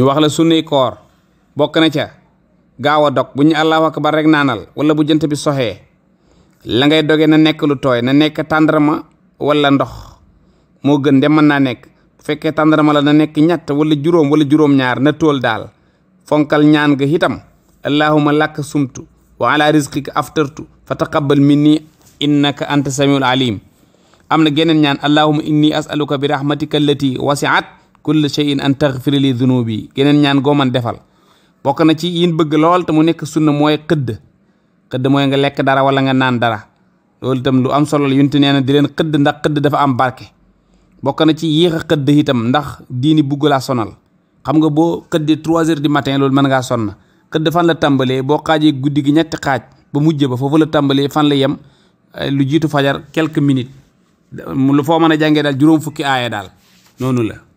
ñu wax la sunnay koor bokk na ca gaaw a dog bu ñu allahu ba rek naanal wala bu jant bi soxee la ngay doge na nekk lu tooy na nekk tàndarma walla ndox moo gën de mën naa nekk bu fekkee tàndarma la na nekk ñett wala juróom wala juróom-ñaar na tool daal fonkal ñaan ga itam allahuma lakk sumtu wa ala rizqika aftartu fa taqabbal minni innaka anta samiul alim am na geneen ñaan allahuma inni asaluka bi rahmatika allati wasiat kulla shay'in an taghfir li dunubi geneen ñaan goo man defal bokk na ci yin bëgg lool te mu nekk sunna mooy xëdd xëdd mooy nga lekk dara wala nga naan dara loolu itam lu am solo la yunte nee na di leen xëdd ndax xëdd dafa am barke bokk na ci yéex a xëdd itam ndax diini bugg laa sonal xam nga boo xëddee trois heures du matin loolu mën ngaa sonn xëdd fan la tàmbalee boo xaajee guddi gi ñetti xaaj ba mujj ba foofu la tàmbalee fan la yem eh, lu jiitu fajar quelques minutes lu foo mën a jàngee juróom fukki aaya daal noonu la